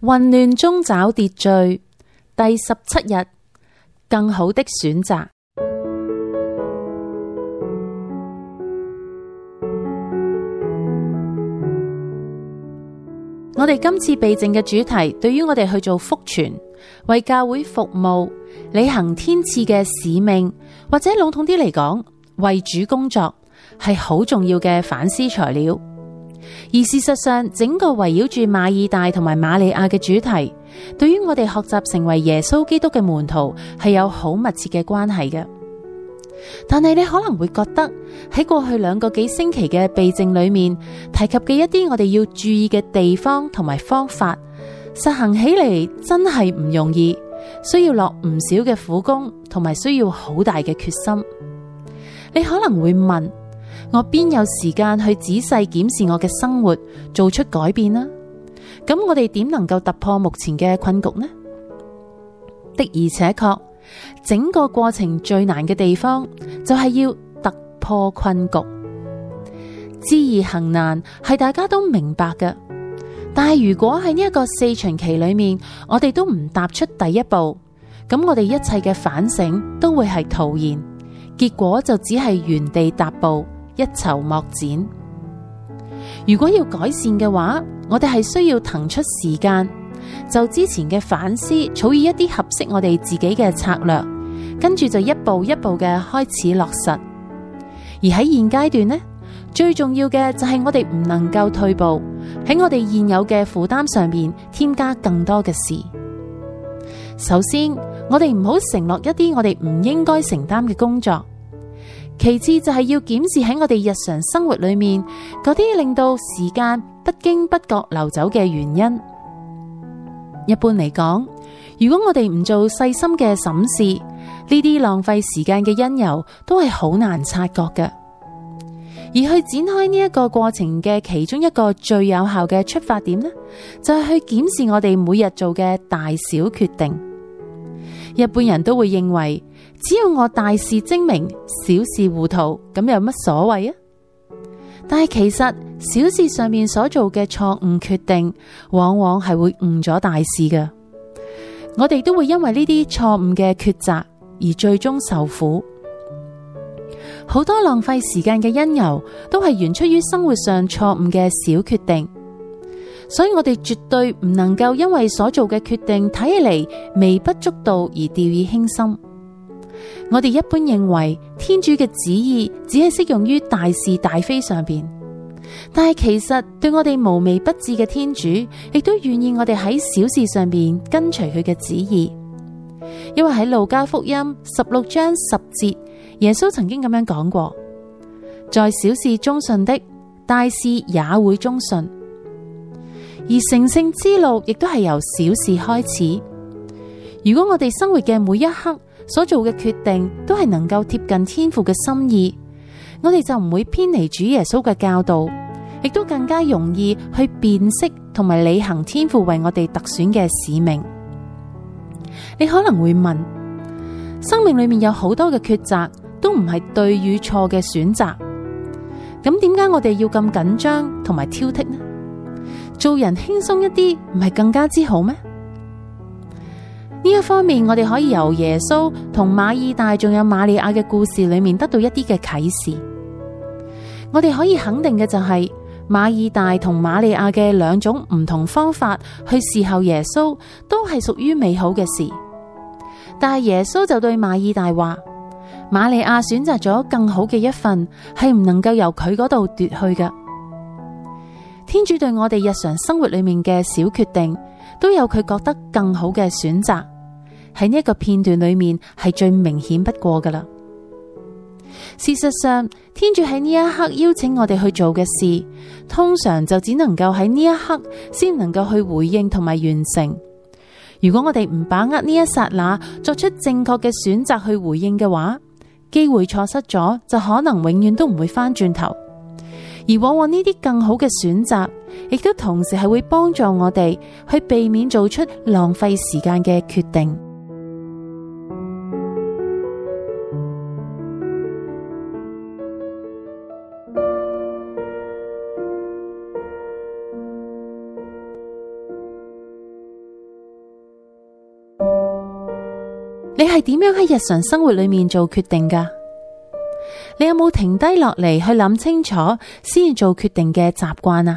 混亂中找秩序，第十七日，更好的選擇。我哋今次避靜嘅主題，對於我哋去做福傳、為教會服務、履行天賜嘅使命，或者籠統啲嚟講，為主工作，係好重要嘅反思材料。而事實上，整個圍繞住馬爾大同埋瑪利亞嘅主題，對於我哋學習成為耶穌基督嘅門徒，係有好密切嘅關係嘅。但係你可能會覺得，喺過去兩個幾星期嘅避靜裏面提及嘅一啲我哋要注意嘅地方同埋方法，實行起嚟真係唔容易，需要落唔少嘅苦功，同埋需要好大嘅決心。你可能會問：我邊有時間去仔細檢視我嘅生活，做出改變呢？咁我哋點能夠突破目前嘅困局呢？的而且確，整個過程最難嘅地方就係要突破困局，知易行難係大家都明白嘅。但係如果喺呢一個四旬期裏面，我哋都唔踏出第一步，咁我哋一切嘅反省都會係徒然，結果就只係原地踏步。一籌莫展。如果要改善嘅話，我哋係需要騰出時間，就之前嘅反思，草擬一啲合適我哋自己嘅策略，跟住就一步一步嘅開始落實。而喺現階段呢，最重要嘅就係我哋唔能夠退步，喺我哋現有嘅負擔上面添加更多嘅事。首先，我哋唔好承諾一啲我哋唔應該承擔嘅工作。其次就係要檢視喺我哋日常生活裏面嗰啲令到時間不經不覺流走嘅原因。一般嚟講，如果我哋唔做細心嘅審視，呢啲浪費時間嘅因由都係好難察覺嘅。而去展開呢一個過程嘅其中一個最有效嘅出發點呢，就係去檢視我哋每日做嘅大小決定。一般人都會認為。只要我大事精明，小事糊塗，咁有乜所謂啊？但係其實小事上面所做嘅錯誤決定，往往係會誤咗大事㗎。我哋都會因為呢啲錯誤嘅抉擇而最終受苦。好多浪費時間嘅因由，都係源出於生活上錯誤嘅小決定，所以我哋絕對唔能夠因為所做嘅決定睇起嚟微不足道而掉以輕心。我哋一般認為天主嘅旨意只係適用於大是大非上面，但係其實對我哋無微不至嘅天主，亦都願意我哋喺小事上面跟隨佢嘅旨意。因為喺路加福音十六章十節，耶穌曾經咁樣講過：在小事忠信的，大事也會忠信。而成聖之路亦都係由小事開始。如果我哋生活嘅每一刻所做嘅決定都係能夠貼近天父嘅心意，我哋就唔會偏離主耶穌嘅教導，亦都更加容易去辨識同埋履行天父為我哋特選嘅使命。你可能會問：生命裏面有好多嘅抉擇都唔係對與錯嘅選擇，咁點解我哋要咁緊張同埋挑剔呢？做人輕鬆一啲，唔係更加之好咩？呢一方面，我哋可以由耶穌同瑪爾大仲有瑪利亞嘅故事裡面得到一啲嘅啟示。我哋可以肯定嘅就係、是、瑪爾大同瑪利亞嘅兩種唔同方法去侍候耶穌，都係屬於美好嘅事。但係耶穌就對瑪爾大話：瑪利亞選擇咗更好嘅一份，係唔能夠由佢嗰度奪去嘅。天主對我哋日常生活裏面嘅小決定，都有佢覺得更好嘅選擇，喺呢一個片段裏面係最明顯不過噶啦。事實上，天主喺呢一刻邀請我哋去做嘅事，通常就只能夠喺呢一刻先能夠去回應同埋完成。如果我哋唔把握呢一剎那，作出正確嘅選擇去回應嘅話，機會錯失咗，就可能永遠都唔會返轉頭。而往往呢啲更好嘅選擇，亦都同時係會幫助我哋去避免做出浪費時間嘅決定。 你係點樣喺日常生活裏面做決定噶？你有冇停低落嚟去諗清楚先做決定嘅習慣啊？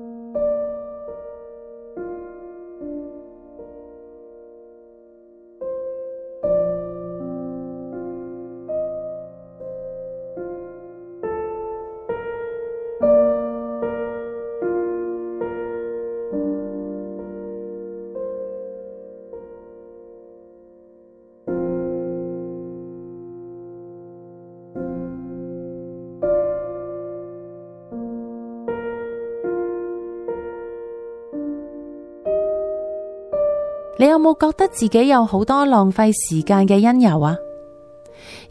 你有冇覺得自己有好多浪費時間嘅因由啊？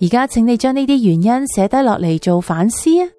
而家請你將呢啲原因寫低落嚟，做反思啊！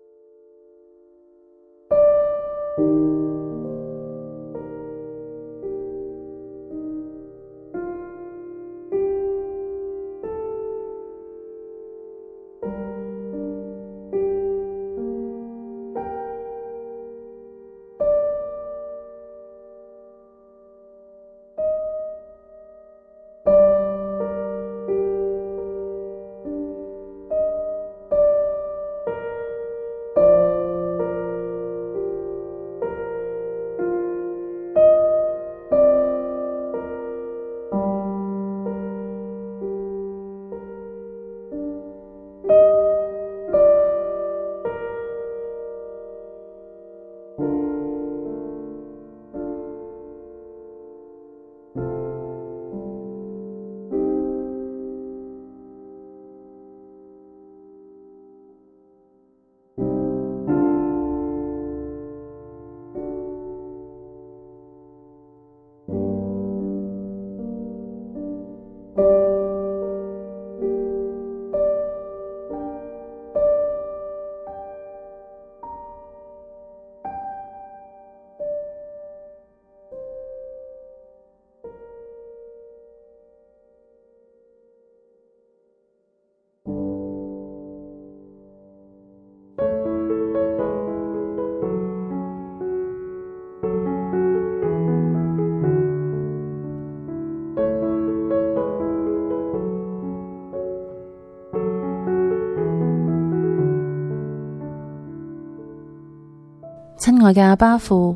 我嘅阿爸父，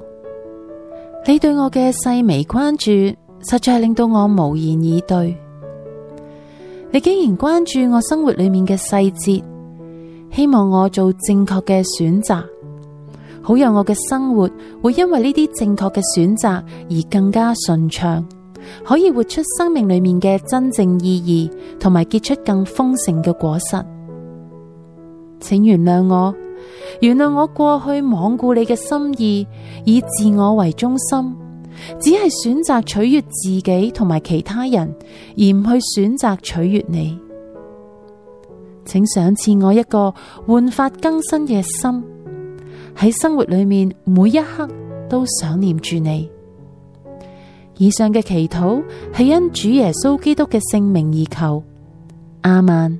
你對我嘅細微關注，實在係令到我無言以對。你竟然關注我生活裏面嘅細節，希望我做正確嘅選擇，好讓我嘅生活會因為呢啲正確嘅選擇而更加順暢，可以活出生命裏面嘅真正意義，同埋結出更豐盛嘅果實。請原諒我。原諒我過去罔顧你嘅心意，以自我為中心，只係選擇取悅自己同埋其他人，而唔去選擇取悅你。請賞賜我一個煥發更新嘅心，喺生活裏面每一刻都想念住你。以上嘅祈禱係因主耶穌基督嘅聖名而求。亞孟。